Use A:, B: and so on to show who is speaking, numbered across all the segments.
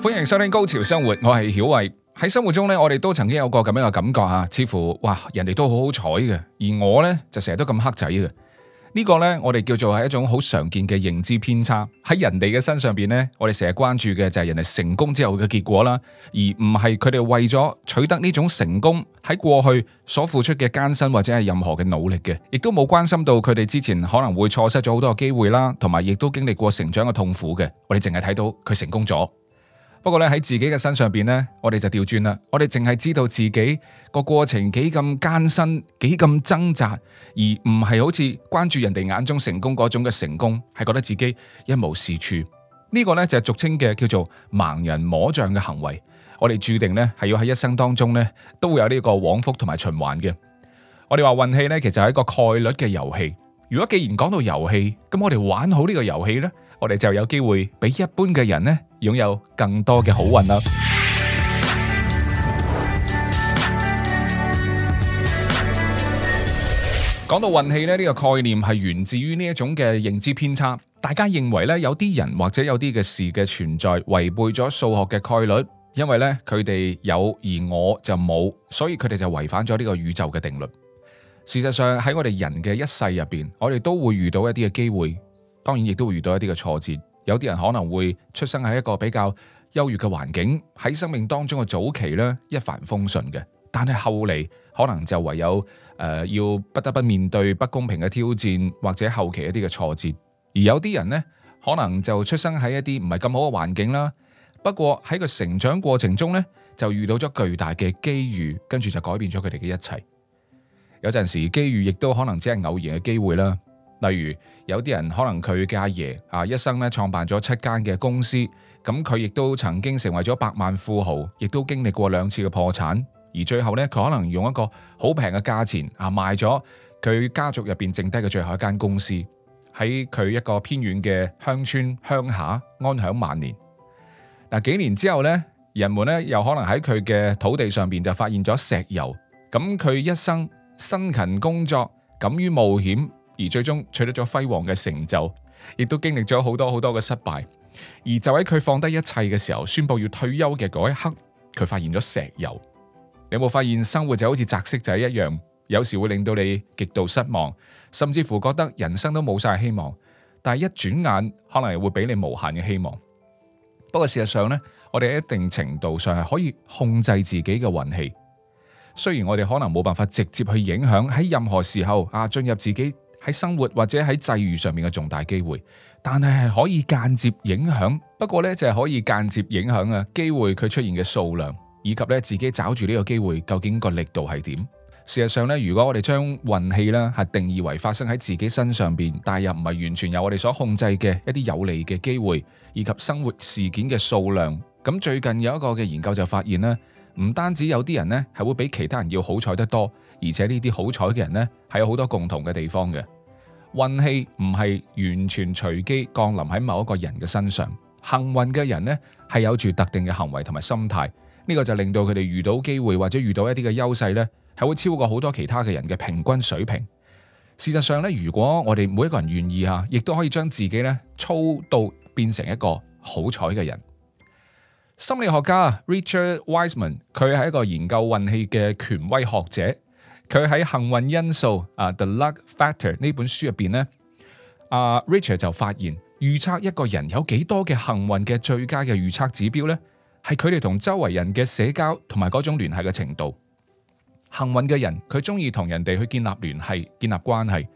A: 歡迎收聽《Go 潮生活》，我係曉慧。喺生活中呢，我哋都曾經有過咁樣嘅感覺，似乎哇，人哋都好好彩嘅，而我呢就成日都咁黑仔嘅。呢個呢，我哋叫做係一種好常見嘅認知偏差。喺人哋嘅身上邊呢，我哋成日關注嘅就係人哋成功之後嘅結果啦，而唔係佢哋為咗取得呢種成功喺過去所付出嘅艱辛或者係任何嘅努力嘅，亦都冇關心到佢哋之前可能會錯失咗好多嘅機會啦，同埋亦都經歷過成長嘅痛苦嘅。我哋淨係睇到佢成功咗。不過咧，喺自己嘅身上邊呢，我哋就調轉啦。我哋淨係知道自己個過程幾咁艱辛，幾咁掙扎，而唔係好似關注人哋眼中成功嗰種嘅成功，係覺得自己一無是處。呢個呢就係俗稱嘅叫做盲人摸象嘅行為。我哋注定呢係要喺一生當中呢都會有呢個往復同埋循環嘅。我哋話運氣呢，其實係一個概率嘅遊戲。如果既然講到遊戲，咁我哋玩好呢個遊戲呢。我哋就有機會比一般嘅人呢，擁有更多嘅好運啦。講到運氣咧，呢個概念係源自於呢一種嘅認知偏差。大家認為咧，有啲人或者有啲嘅事嘅存在違背咗數學嘅概率，因為咧佢哋有而我就冇，所以佢哋就違反咗呢個宇宙嘅定律。事實上喺我哋人嘅一世入邊，我哋都會遇到一啲嘅機會。當然亦都會遇到一啲嘅挫折，有啲人可能會出生喺一個比較優越嘅環境，喺生命當中嘅早期呢一帆風順嘅，但係後嚟可能就唯有誒、呃、要不得不面對不公平嘅挑戰，或者後期一啲嘅挫折。而有啲人呢，可能就出生喺一啲唔係咁好嘅環境啦，不過喺個成長過程中呢，就遇到咗巨大嘅機遇，跟住就改變咗佢哋嘅一切。有陣時機遇亦都可能只係偶然嘅機會啦。例如有啲人可能佢嘅阿爺啊，一生咧創辦咗七間嘅公司，咁佢亦都曾經成為咗百萬富豪，亦都經歷過兩次嘅破產，而最後呢，佢可能用一個好平嘅價錢啊賣咗佢家族入邊剩低嘅最後一間公司，喺佢一個偏遠嘅鄉村鄉下安享晚年。嗱，幾年之後呢，人們咧又可能喺佢嘅土地上邊就發現咗石油。咁佢一生辛勤工作，敢於冒險。而最終取得咗輝煌嘅成就，亦都經歷咗好多好多嘅失敗。而就喺佢放低一切嘅時候，宣布要退休嘅嗰一刻，佢發現咗石油。你有冇發現生活就好似擲色仔一樣，有時會令到你極度失望，甚至乎覺得人生都冇晒希望。但係一轉眼，可能又會俾你無限嘅希望。不過事實上呢，我哋喺一定程度上係可以控制自己嘅運氣。雖然我哋可能冇辦法直接去影響喺任何時候啊進入自己。喺生活或者喺際遇上面嘅重大機會，但係係可以間接影響。不過呢，就係可以間接影響啊機會佢出現嘅數量，以及呢自己找住呢個機會，究竟個力度係點？事實上呢，如果我哋將運氣呢係定義為發生喺自己身上邊，但又唔係完全由我哋所控制嘅一啲有利嘅機會，以及生活事件嘅數量。咁最近有一個嘅研究就發現呢唔單止有啲人呢係會比其他人要好彩得多。而且呢啲好彩嘅人呢，係有好多共同嘅地方嘅。運氣唔係完全隨機降臨喺某一個人嘅身上，幸運嘅人呢，係有住特定嘅行為同埋心態，呢個就令到佢哋遇到機會或者遇到一啲嘅優勢呢，係會超過好多其他嘅人嘅平均水平。事實上呢，如果我哋每一個人願意吓，亦都可以將自己呢操到變成一個好彩嘅人。心理學家 Richard Wiseman，佢係一個研究運氣嘅權威學者。佢喺幸運因素啊，《The Luck Factor》呢本書入邊呢 Richard 就發現，預測一個人有幾多嘅幸運嘅最佳嘅預測指標呢，係佢哋同周圍人嘅社交同埋嗰種聯繫嘅程度。幸運嘅人佢中意同人哋去建立聯繫、建立關係。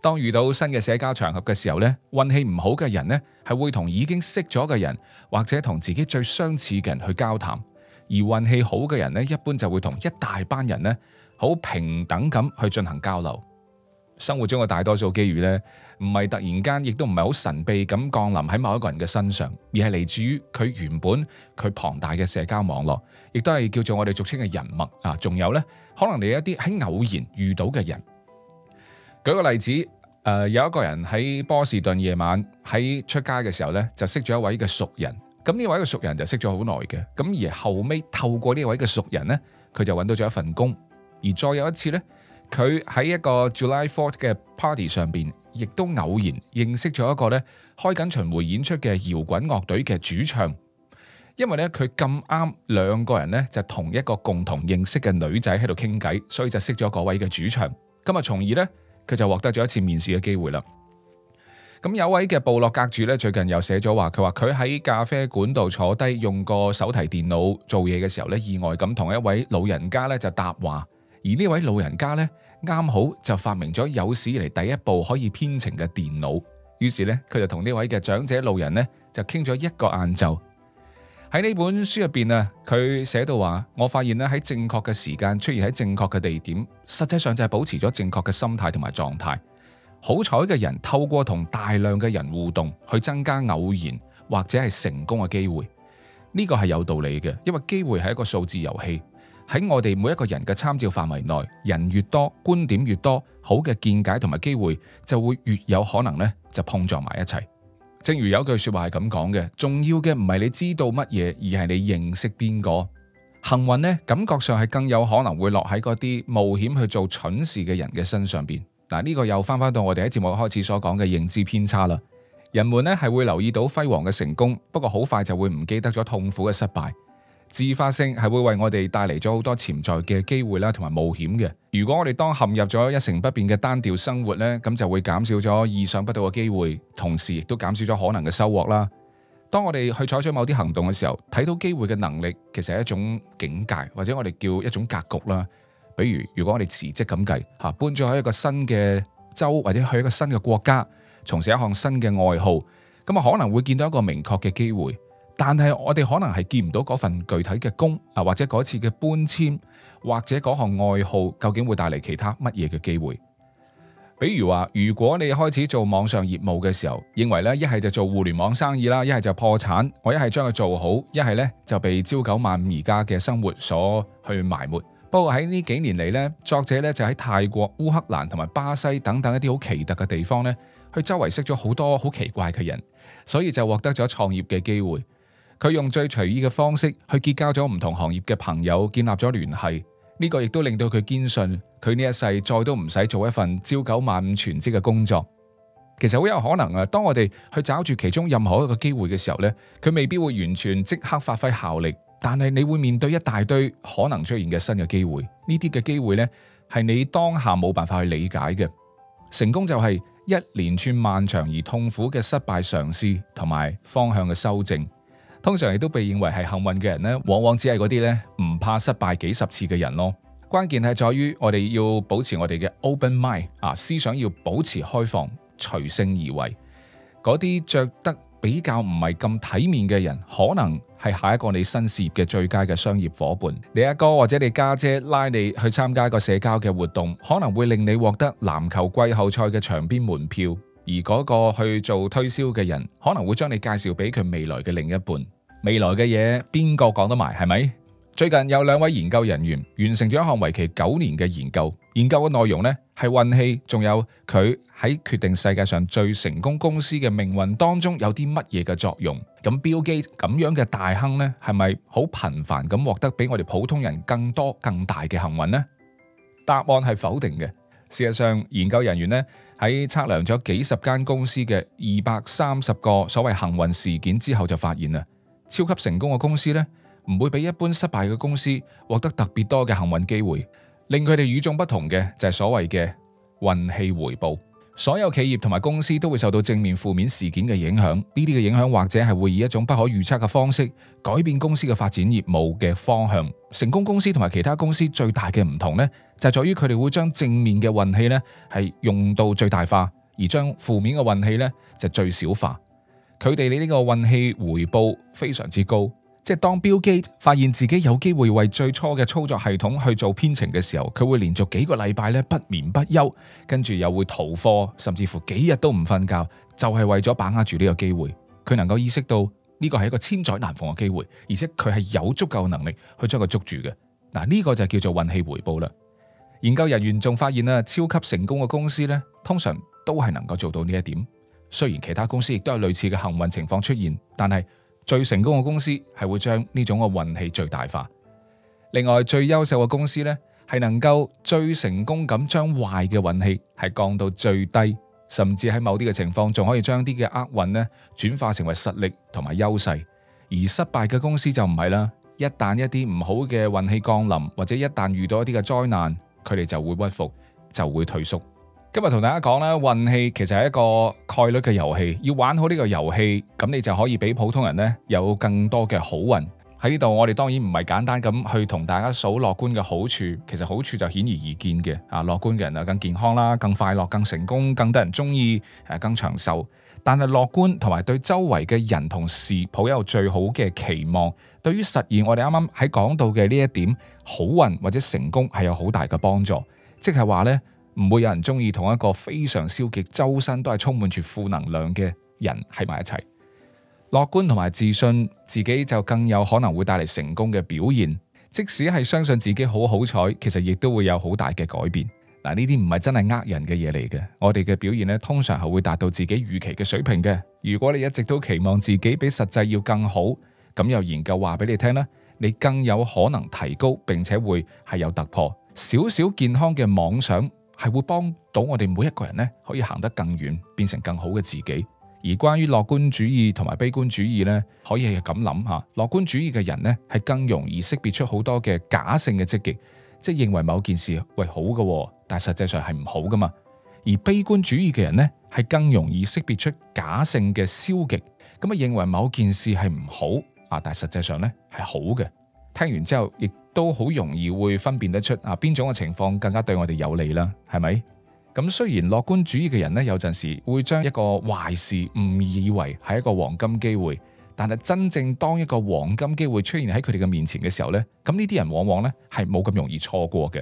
A: 當遇到新嘅社交場合嘅時候呢運氣唔好嘅人呢係會同已經識咗嘅人或者同自己最相似嘅人去交談，而運氣好嘅人呢，一般就會同一大班人咧。好平等咁去進行交流，生活中嘅大多數機遇呢，唔係突然間，亦都唔係好神秘咁降臨喺某一個人嘅身上，而係嚟自於佢原本佢龐大嘅社交網絡，亦都係叫做我哋俗稱嘅人脈啊。仲有呢，可能你有一啲喺偶然遇到嘅人，舉個例子，誒，有一個人喺波士頓夜晚喺出街嘅時候呢，就識咗一位嘅熟人，咁呢位嘅熟人就識咗好耐嘅，咁而後尾透過呢位嘅熟人呢，佢就揾到咗一份工。而再有一次呢，佢喺一個 July Fourth 嘅 party 上邊，亦都偶然認識咗一個咧開緊巡回演出嘅搖滾樂隊嘅主唱。因為呢，佢咁啱兩個人呢，就同一個共同認識嘅女仔喺度傾偈，所以就識咗嗰位嘅主唱。今日從而呢，佢就獲得咗一次面試嘅機會啦。咁有位嘅部落格主呢，最近又寫咗話，佢話佢喺咖啡館度坐低用個手提電腦做嘢嘅時候呢，意外咁同一位老人家呢，就答話。而呢位老人家呢，啱好就發明咗有史以嚟第一部可以編程嘅電腦。於是呢，佢就同呢位嘅長者老人呢，就傾咗一個晏晝。喺呢本書入邊啊，佢寫到話：我發現咧喺正確嘅時間出現喺正確嘅地點，實際上就係保持咗正確嘅心態同埋狀態。好彩嘅人透過同大量嘅人互動，去增加偶然或者係成功嘅機會。呢個係有道理嘅，因為機會係一個數字遊戲。喺我哋每一個人嘅參照範圍內，人越多，觀點越多，好嘅見解同埋機會就會越有可能咧就碰撞埋一齊。正如有句說話係咁講嘅，重要嘅唔係你知道乜嘢，而係你認識邊個。幸運呢，感覺上係更有可能會落喺嗰啲冒險去做蠢事嘅人嘅身上邊。嗱，呢個又翻翻到我哋喺節目開始所講嘅認知偏差啦。人們呢係會留意到輝煌嘅成功，不過好快就會唔記得咗痛苦嘅失敗。自發性係會為我哋帶嚟咗好多潛在嘅機會啦，同埋冒險嘅。如果我哋當陷入咗一成不變嘅單調生活呢，咁就會減少咗意想不到嘅機會，同時亦都減少咗可能嘅收穫啦。當我哋去採取某啲行動嘅時候，睇到機會嘅能力其實係一種境界，或者我哋叫一種格局啦。比如，如果我哋辭職咁計吓，搬咗去一個新嘅州，或者去一個新嘅國家，從事一項新嘅愛好，咁啊可能會見到一個明確嘅機會。但係我哋可能係見唔到嗰份具體嘅工啊，或者嗰次嘅搬遷，或者嗰項愛好究竟會帶嚟其他乜嘢嘅機會。比如話，如果你開始做網上業務嘅時候，認為咧一係就做互聯網生意啦，一係就破產，我一係將佢做好，一係咧就被朝九晚五而家嘅生活所去埋沒。不過喺呢幾年嚟呢，作者咧就喺泰國、烏克蘭同埋巴西等等一啲好奇特嘅地方呢，去周圍識咗好多好奇怪嘅人，所以就獲得咗創業嘅機會。佢用最隨意嘅方式去結交咗唔同行業嘅朋友，建立咗聯繫。呢個亦都令到佢堅信，佢呢一世再都唔使做一份朝九晚五全職嘅工作。其實好有可能啊。當我哋去找住其中任何一個機會嘅時候呢，佢未必會完全即刻發揮效力，但係你會面對一大堆可能出現嘅新嘅機會。呢啲嘅機會呢，係你當下冇辦法去理解嘅。成功就係一連串漫長而痛苦嘅失敗嘗試，同埋方向嘅修正。通常亦都被認為係幸運嘅人咧，往往只係嗰啲咧，唔怕失敗幾十次嘅人咯。關鍵係在於我哋要保持我哋嘅 open mind 啊，思想要保持開放，隨性而為。嗰啲着得比較唔係咁體面嘅人，可能係下一個你新事業嘅最佳嘅商業夥伴。你阿哥或者你家姐拉你去參加一個社交嘅活動，可能會令你獲得籃球季後賽嘅場邊門票。而嗰個去做推銷嘅人，可能會將你介紹俾佢未來嘅另一半。未來嘅嘢，邊個講得埋？係咪？最近有兩位研究人員完成咗一項為期九年嘅研究，研究嘅內容呢係運氣，仲有佢喺決定世界上最成功公司嘅命運當中有啲乜嘢嘅作用。咁 Bill Gates 咁樣嘅大亨，呢係咪好頻繁咁獲得比我哋普通人更多更大嘅幸運呢？答案係否定嘅。事實上，研究人員呢。喺測量咗幾十間公司嘅二百三十個所謂幸運事件之後，就發現啦，超級成功嘅公司呢，唔會比一般失敗嘅公司獲得特別多嘅幸運機會，令佢哋與眾不同嘅就係所謂嘅運氣回報。所有企業同埋公司都會受到正面、負面事件嘅影響，呢啲嘅影響或者係會以一種不可預測嘅方式改變公司嘅發展業務嘅方向。成功公司同埋其他公司最大嘅唔同呢，就是在於佢哋會將正面嘅運氣呢係用到最大化，而將負面嘅運氣呢就最小化。佢哋你呢個運氣回報非常之高。即係當 Bill Gates 發現自己有機會為最初嘅操作系統去做編程嘅時候，佢會連續幾個禮拜咧不眠不休，跟住又會逃課，甚至乎幾日都唔瞓覺，就係為咗把握住呢個機會。佢能夠意識到呢個係一個千載難逢嘅機會，而且佢係有足夠能力去將佢捉住嘅。嗱，呢個就叫做運氣回報啦。研究人員仲發現啦，超級成功嘅公司咧，通常都係能夠做到呢一點。雖然其他公司亦都有類似嘅幸運情況出現，但係，最成功嘅公司係會將呢種嘅運氣最大化。另外，最優秀嘅公司呢係能夠最成功咁將壞嘅運氣係降到最低，甚至喺某啲嘅情況仲可以將啲嘅厄運咧轉化成為實力同埋優勢。而失敗嘅公司就唔係啦，一旦一啲唔好嘅運氣降臨，或者一旦遇到一啲嘅災難，佢哋就會屈服，就會退縮。今日同大家講咧，運氣其實係一個概率嘅遊戲。要玩好呢個遊戲，咁你就可以比普通人呢有更多嘅好運。喺呢度，我哋當然唔係簡單咁去同大家數樂觀嘅好處。其實好處就顯而易見嘅。啊，樂觀嘅人啊，更健康啦，更快樂，更成功，更得人鍾意，誒，更長壽。但係樂觀同埋對周圍嘅人同事抱有最好嘅期望，對於實現我哋啱啱喺講到嘅呢一點好運或者成功係有好大嘅幫助。即係話呢。唔會有人中意同一個非常消極、周身都係充滿住負能量嘅人喺埋一齊。樂觀同埋自信，自己就更有可能會帶嚟成功嘅表現。即使係相信自己好好彩，其實亦都會有好大嘅改變。嗱，呢啲唔係真係呃人嘅嘢嚟嘅。我哋嘅表現呢，通常係會達到自己預期嘅水平嘅。如果你一直都期望自己比實際要更好，咁又研究話俾你聽啦，你更有可能提高，並且會係有突破。少少健康嘅妄想。係會幫到我哋每一個人咧，可以行得更遠，變成更好嘅自己。而關於樂觀主義同埋悲觀主義咧，可以係咁諗吓：樂觀主義嘅人咧，係更容易識別出好多嘅假性嘅積極，即係認為某件事喂好嘅，但係實際上係唔好噶嘛。而悲觀主義嘅人咧，係更容易識別出假性嘅消極，咁啊認為某件事係唔好啊，但係實際上咧係好嘅。聽完之後亦。都好容易會分辨得出啊，邊種嘅情況更加對我哋有利啦？係咪咁？雖然樂觀主義嘅人呢，有陣時會將一個壞事誤以為係一個黃金機會，但係真正當一個黃金機會出現喺佢哋嘅面前嘅時候呢，咁呢啲人往往呢係冇咁容易錯過嘅。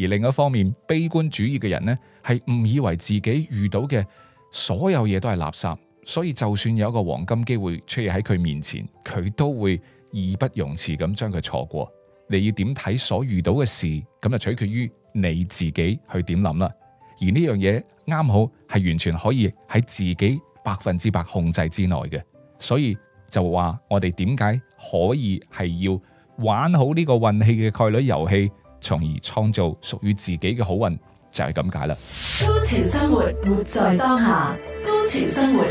A: 而另一方面，悲觀主義嘅人呢係誤以為自己遇到嘅所有嘢都係垃圾，所以就算有一個黃金機會出現喺佢面前，佢都會義不容辭咁將佢錯過。你要點睇所遇到嘅事，咁就取決於你自己去點諗啦。而呢樣嘢啱好係完全可以喺自己百分之百控制之內嘅，所以就話我哋點解可以係要玩好呢個運氣嘅概率遊戲，從而創造屬於自己嘅好運，就係咁解啦。Go 潮生活，活在當下；Go 潮生活，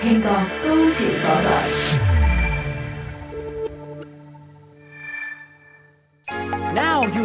A: 興國 Go 潮所在。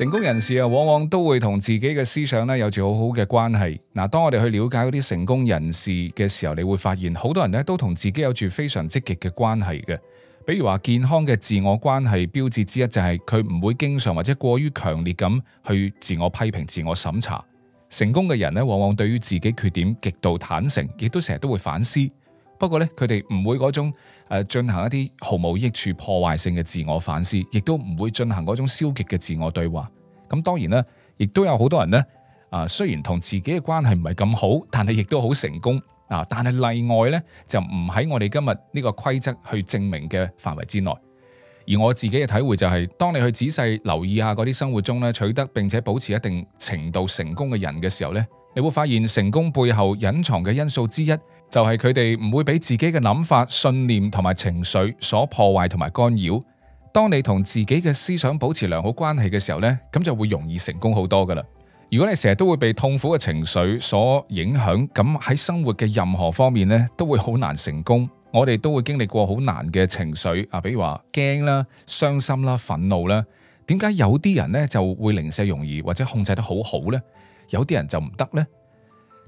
A: 成功人士啊，往往都會同自己嘅思想咧有住好好嘅關係。嗱，當我哋去了解嗰啲成功人士嘅時候，你會發現好多人咧都同自己有住非常積極嘅關係嘅。比如話健康嘅自我關係標誌之一就係佢唔會經常或者過於強烈咁去自我批評、自我審查。成功嘅人咧，往往對於自己缺點極度坦誠，亦都成日都會反思。不過咧，佢哋唔會嗰種誒進行一啲毫無益處破壞性嘅自我反思，亦都唔會進行嗰種消極嘅自我對話。咁當然啦，亦都有好多人呢，啊，雖然同自己嘅關係唔係咁好，但係亦都好成功啊。但係例外呢，就唔喺我哋今日呢個規則去證明嘅範圍之內。而我自己嘅體會就係，當你去仔細留意下嗰啲生活中咧取得並且保持一定程度成功嘅人嘅時候呢，你會發現成功背後隱藏嘅因素之一。就係佢哋唔會俾自己嘅諗法、信念同埋情緒所破壞同埋干擾。當你同自己嘅思想保持良好關係嘅時候呢，咁就會容易成功好多噶啦。如果你成日都會被痛苦嘅情緒所影響，咁喺生活嘅任何方面呢，都會好難成功。我哋都會經歷過好難嘅情緒，啊，比如話驚啦、傷心啦、憤怒啦。點解有啲人呢就會零舍容易或者控制得好好呢？有啲人就唔得呢？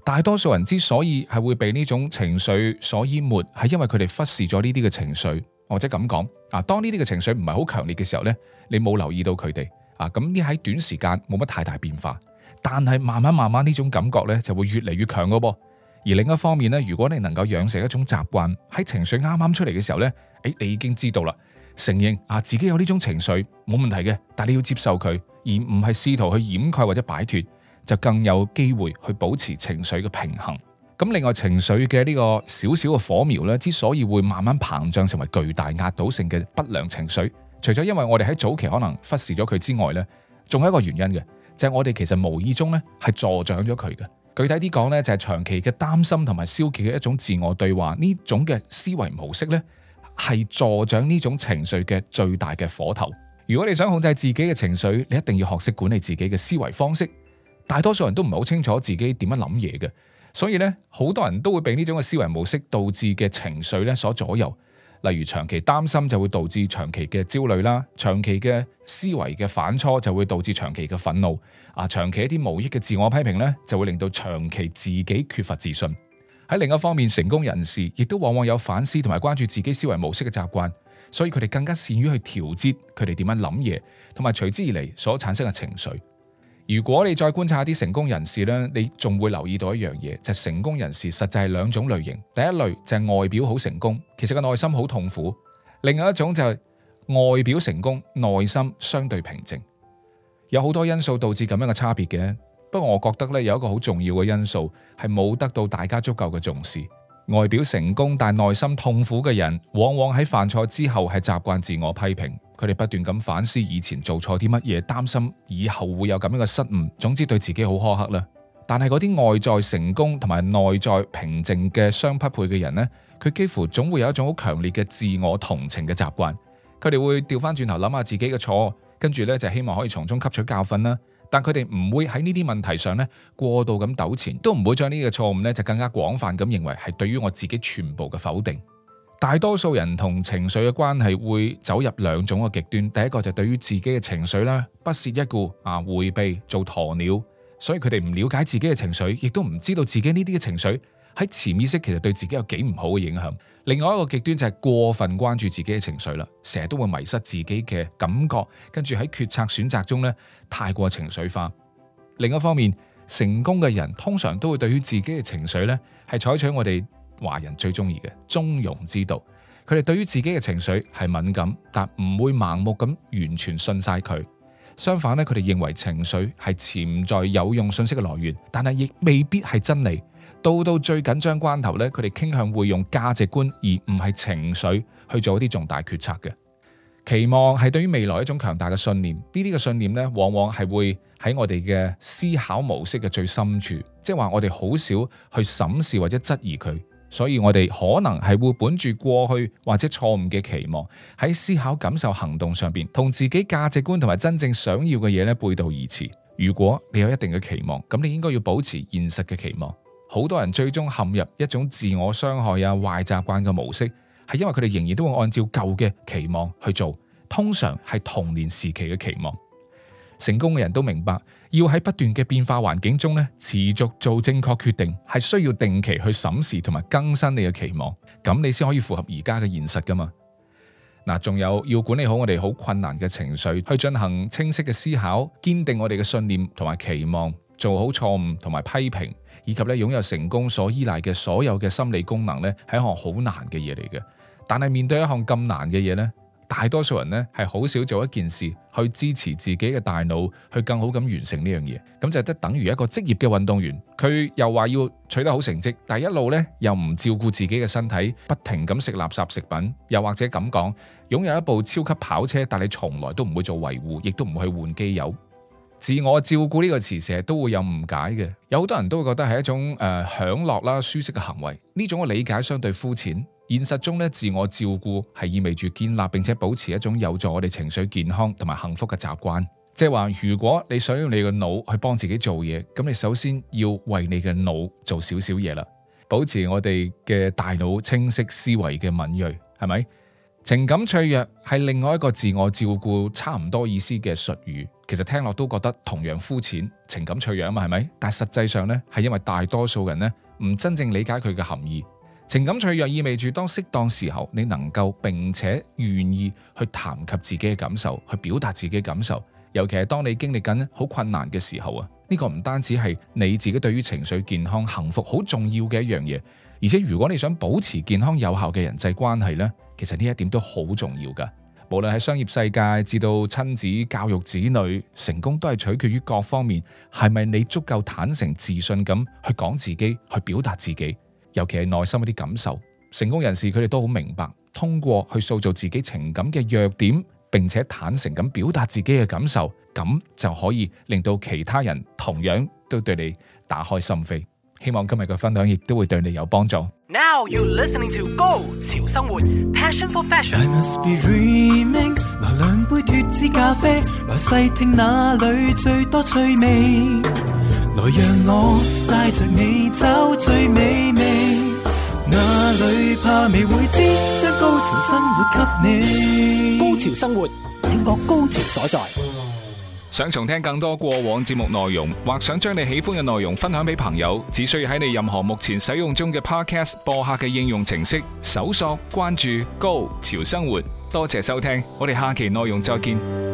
A: 大多數人之所以係會被呢種情緒所淹沒，係因為佢哋忽視咗呢啲嘅情緒，或者咁講啊，當呢啲嘅情緒唔係好強烈嘅時候呢，你冇留意到佢哋啊，咁呢喺短時間冇乜太大變化，但係慢慢慢慢呢種感覺呢就會越嚟越強嘅噃。而另一方面呢，如果你能夠養成一種習慣，喺情緒啱啱出嚟嘅時候呢，誒你已經知道啦，承認啊自己有呢種情緒冇問題嘅，但你要接受佢，而唔係試圖去掩蓋或者擺脱。就更有機會去保持情緒嘅平衡。咁另外，情緒嘅呢個少少嘅火苗咧，之所以會慢慢膨脹成為巨大壓倒性嘅不良情緒，除咗因為我哋喺早期可能忽視咗佢之外咧，仲有一個原因嘅，就係我哋其實無意中咧係助長咗佢嘅。具體啲講咧，就係長期嘅擔心同埋消極嘅一種自我對話呢種嘅思維模式咧，係助長呢種情緒嘅最大嘅火頭。如果你想控制自己嘅情緒，你一定要學識管理自己嘅思維方式。大多數人都唔係好清楚自己點樣諗嘢嘅，所以咧，好多人都會被呢種嘅思維模式導致嘅情緒咧所左右。例如長期擔心就會導致長期嘅焦慮啦，長期嘅思維嘅反芻就會導致長期嘅憤怒啊，長期一啲無益嘅自我批評咧就會令到長期自己缺乏自信。喺另一方面，成功人士亦都往往有反思同埋關注自己思維模式嘅習慣，所以佢哋更加善於去調節佢哋點樣諗嘢，同埋隨之而嚟所產生嘅情緒。如果你再觀察啲成功人士咧，你仲會留意到一樣嘢，就係成功人士實際係兩種類型。第一類就係外表好成功，其實個內心好痛苦，另外一種就係外表成功，內心相對平靜。有好多因素導致咁樣嘅差別嘅。不過我覺得咧，有一個好重要嘅因素係冇得到大家足夠嘅重視。外表成功但內心痛苦嘅人，往往喺犯錯之後係習慣自我批評。佢哋不斷咁反思以前做錯啲乜嘢，擔心以後會有咁樣嘅失誤。總之對自己好苛刻啦。但係嗰啲外在成功同埋內在平靜嘅相匹配嘅人呢，佢幾乎總會有一種好強烈嘅自我同情嘅習慣。佢哋會調翻轉頭諗下自己嘅錯，跟住呢就希望可以從中吸取教訓啦。但佢哋唔會喺呢啲問題上呢過度咁糾纏，都唔會將呢個錯誤呢就更加廣泛咁認為係對於我自己全部嘅否定。大多數人同情緒嘅關係會走入兩種嘅極端，第一個就對於自己嘅情緒咧不屑一顧啊，回避做鴕鳥，所以佢哋唔了解自己嘅情緒，亦都唔知道自己呢啲嘅情緒喺潛意識其實對自己有幾唔好嘅影響。另外一個極端就係過分關注自己嘅情緒啦，成日都會迷失自己嘅感覺，跟住喺決策選擇中咧太過情緒化。另一方面，成功嘅人通常都會對於自己嘅情緒咧係採取我哋。華人最中意嘅中庸之道，佢哋對於自己嘅情緒係敏感，但唔會盲目咁完全信晒佢。相反咧，佢哋認為情緒係潛在有用信息嘅來源，但係亦未必係真理。到到最緊張的關頭咧，佢哋傾向會用價值觀而唔係情緒去做一啲重大決策嘅。期望係對於未來一種強大嘅信念。呢啲嘅信念咧，往往係會喺我哋嘅思考模式嘅最深處，即係話我哋好少去審視或者質疑佢。所以我哋可能係會本住過去或者錯誤嘅期望喺思考、感受、行動上邊，同自己價值觀同埋真正想要嘅嘢咧背道而馳。如果你有一定嘅期望，咁你應該要保持現實嘅期望。好多人最終陷入一種自我傷害啊壞習慣嘅模式，係因為佢哋仍然都會按照舊嘅期望去做。通常係童年時期嘅期望。成功嘅人都明白。要喺不斷嘅變化環境中咧，持續做正確決定，係需要定期去審視同埋更新你嘅期望，咁你先可以符合而家嘅現實噶嘛。嗱，仲有要管理好我哋好困難嘅情緒，去進行清晰嘅思考，堅定我哋嘅信念同埋期望，做好錯誤同埋批評，以及咧擁有成功所依賴嘅所有嘅心理功能咧，係一項好難嘅嘢嚟嘅。但係面對一項咁難嘅嘢咧。大多數人咧，係好少做一件事去支持自己嘅大腦去更好咁完成呢樣嘢，咁就即係等於一個職業嘅運動員，佢又話要取得好成績，但一路咧又唔照顧自己嘅身體，不停咁食垃圾食品，又或者咁講，擁有一部超級跑車，但你從來都唔會做維護，亦都唔去換機油。自我照顧呢個詞成日都會有誤解嘅，有好多人都會覺得係一種、呃、享樂啦、舒適嘅行為，呢種嘅理解相對膚淺。現實中咧，自我照顧係意味住建立並且保持一種有助我哋情緒健康同埋幸福嘅習慣。即係話，如果你想用你嘅腦去幫自己做嘢，咁你首先要為你嘅腦做少少嘢啦，保持我哋嘅大腦清晰思維嘅敏銳，係咪？情感脆弱係另外一個自我照顧差唔多意思嘅術語，其實聽落都覺得同樣膚淺。情感脆弱啊嘛，係咪？但實際上咧，係因為大多數人咧唔真正理解佢嘅含義。情感脆弱意味住，當適當時候，你能夠並且願意去談及自己嘅感受，去表達自己嘅感受。尤其係當你經歷緊好困難嘅時候啊，呢個唔單止係你自己對於情緒健康、幸福好重要嘅一樣嘢，而且如果你想保持健康有效嘅人際關係咧，其實呢一點都好重要噶。無論喺商業世界至到親子教育、子女成功，都係取決於各方面係咪你足夠坦誠、自信咁去講自己、去表達自己。尤其係內心嗰啲感受，成功人士佢哋都好明白，通過去塑造自己情感嘅弱點，並且坦誠咁表達自己嘅感受，咁就可以令到其他人同樣都對你打開心扉。希望今日嘅分享亦都會對你有幫助。來讓我帶着你找最美味，哪裏怕未會知，將 Go 潮生活給你。Go 潮生活，聽覺高潮所在。想重聽更多過往節目內容，或想將你喜歡嘅內容分享俾朋友，只需要喺你任何目前使用中嘅 Podcast 播客嘅應用程式搜索、關注 “Go 潮生活”。多謝收聽，我哋下期內容再見。